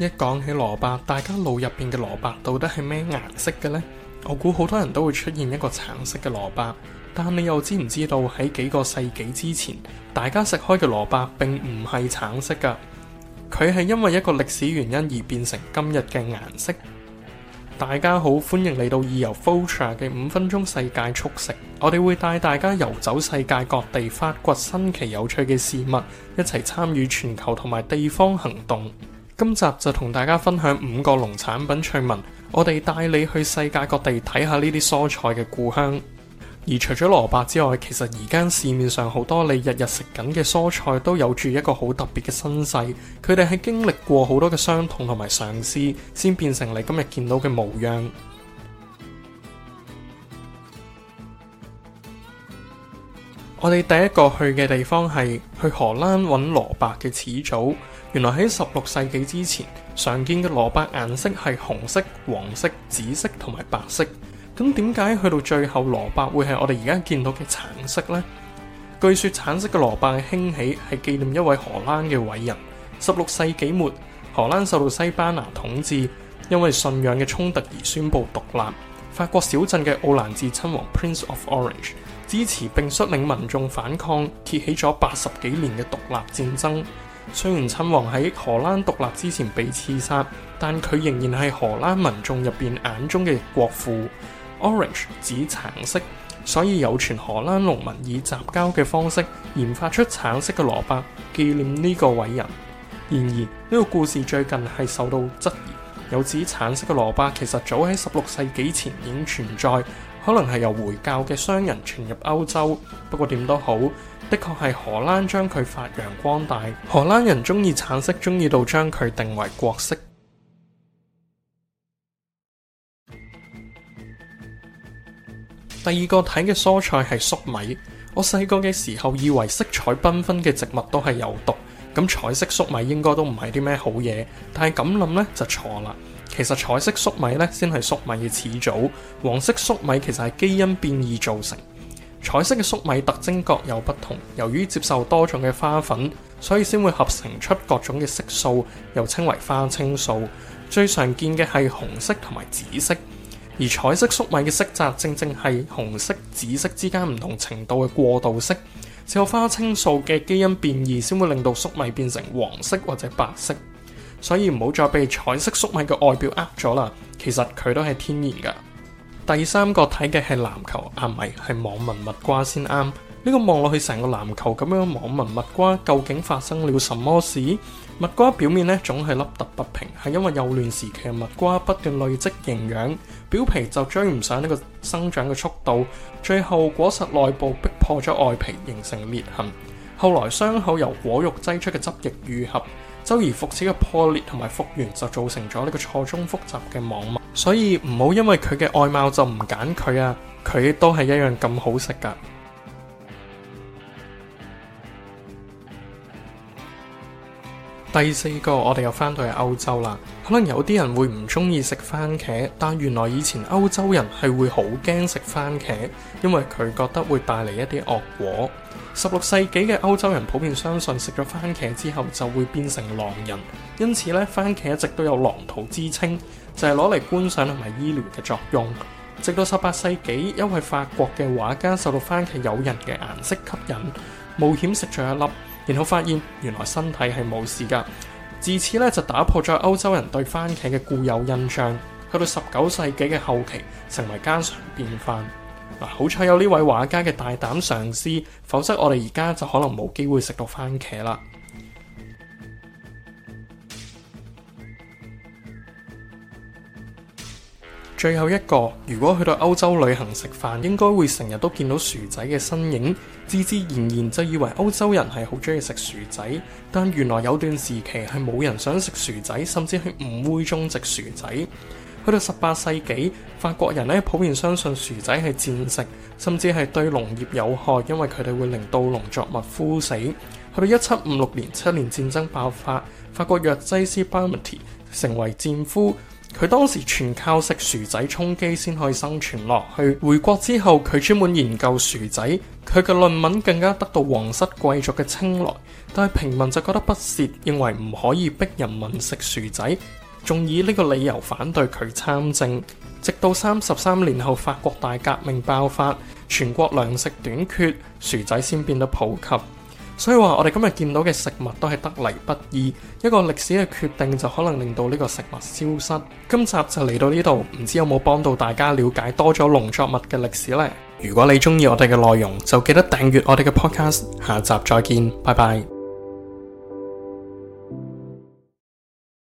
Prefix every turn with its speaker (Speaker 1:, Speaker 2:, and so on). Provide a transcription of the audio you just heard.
Speaker 1: 一講起蘿蔔，大家腦入邊嘅蘿蔔到底係咩顏色嘅呢？我估好多人都會出現一個橙色嘅蘿蔔，但你又知唔知道喺幾個世紀之前，大家食開嘅蘿蔔並唔係橙色㗎？佢係因為一個歷史原因而變成今日嘅顏色。大家好，歡迎嚟到義遊 VolTrahk 嘅五分鐘世界速食，我哋會帶大家遊走世界各地，發掘新奇有趣嘅事物，一齊參與全球同埋地方行動。今集就同大家分享五個農產品趣聞，我哋帶你去世界各地睇下呢啲蔬菜嘅故鄉。而除咗蘿蔔之外，其實而家市面上好多你日日食緊嘅蔬菜，都有住一個好特別嘅身世。佢哋係經歷過好多嘅傷痛同埋嘗試，先變成你今日見到嘅模樣。我哋第一個去嘅地方係去荷蘭揾蘿蔔嘅始祖。原來喺十六世紀之前，常見嘅蘿蔔顏色係紅色、黃色、紫色同埋白色。咁點解去到最後蘿蔔會係我哋而家見到嘅橙色呢？據說橙色嘅蘿蔔興起係紀念一位荷蘭嘅偉人。十六世紀末，荷蘭受到西班牙統治，因為信仰嘅衝突而宣佈獨立。法國小鎮嘅奧蘭治親王 Prince of Orange，支持並率領民眾反抗，揭起咗八十幾年嘅獨立戰爭。雖然親王喺荷蘭獨立之前被刺殺，但佢仍然係荷蘭民眾入邊眼中嘅國父。Orange 指橙色，所以有傳荷蘭農民以雜交嘅方式研發出橙色嘅蘿蔔，紀念呢個偉人。然而呢個故事最近係受到質疑，有指橙色嘅蘿蔔其實早喺十六世紀前已經存在。可能係由回教嘅商人傳入歐洲，不過點都好，的確係荷蘭將佢發揚光大。荷蘭人中意橙色，中意到將佢定為國色。 第二個睇嘅蔬菜係粟米。我細個嘅時候以為色彩繽紛嘅植物都係有毒，咁彩色粟米應該都唔係啲咩好嘢，但係咁諗呢就錯啦。其實彩色粟米咧，先係粟米嘅始祖。黃色粟米其實係基因變異造成。彩色嘅粟米特徵各有不同，由於接受多種嘅花粉，所以先會合成出各種嘅色素，又稱為花青素。最常見嘅係紅色同埋紫色。而彩色粟米嘅色澤正正係紅色、紫色之間唔同程度嘅過渡色。只有花青素嘅基因變異先會令到粟米變成黃色或者白色。所以唔好再被彩色粟米嘅外表呃咗啦，其實佢都係天然噶。第三個睇嘅係籃球啊？唔係，係網紋蜜瓜先啱。呢、這個望落去成個籃球咁樣嘅網紋蜜瓜究竟發生了什麼事？蜜瓜表面呢，總係凹凸不平，係因為幼嫩時期嘅蜜瓜不斷累積營養，表皮就追唔上呢個生長嘅速度，最後果實內部迫破咗外皮形成裂痕，後來傷口由果肉擠出嘅汁液愈合。周而復始嘅破裂同埋復原就造成咗呢個錯綜複雜嘅網絡，所以唔好因為佢嘅外貌就唔揀佢啊！佢都係一樣咁好食㗎。第四個，我哋又翻到去歐洲啦。可能有啲人會唔中意食番茄，但原來以前歐洲人係會好驚食番茄，因為佢覺得會帶嚟一啲惡果。十六世紀嘅歐洲人普遍相信食咗番茄之後就會變成狼人，因此咧番茄一直都有狼桃之稱，就係攞嚟觀賞同埋醫療嘅作用。直到十八世紀，因為法國嘅畫家受到番茄誘人嘅顏色吸引，冒險食咗一粒。然後發現原來，身體係冇事噶自此咧就打破咗歐洲人對番茄嘅固有印象，去到十九世紀嘅後期，成為家常便飯。嗱，好彩有呢位畫家嘅大膽嘗試，否則我哋而家就可能冇機會食到番茄啦。最後一個，如果去到歐洲旅行食飯，應該會成日都見到薯仔嘅身影，自自然然就以為歐洲人係好中意食薯仔。但原來有段時期係冇人想食薯仔，甚至係唔會種植薯仔。去到十八世紀，法國人呢，普遍相信薯仔係戰食，甚至係對農業有害，因為佢哋會令到農作物枯死。去到一七五六年，七年戰爭爆發，法國藥劑師巴蒙蒂成為戰俘。佢當時全靠食薯仔充饑先可以生存落去。回國之後，佢專門研究薯仔，佢嘅論文更加得到皇室貴族嘅青睞，但係平民就覺得不屑，認為唔可以逼人民食薯仔，仲以呢個理由反對佢參政。直到三十三年後，法國大革命爆發，全國糧食短缺，薯仔先變得普及。所以話，我哋今日見到嘅食物都係得嚟不易，一個歷史嘅決定就可能令到呢個食物消失。今集就嚟到呢度，唔知有冇幫到大家了解多咗農作物嘅歷史呢？如果你中意我哋嘅內容，就記得訂閱我哋嘅 Podcast。下集再見，拜拜。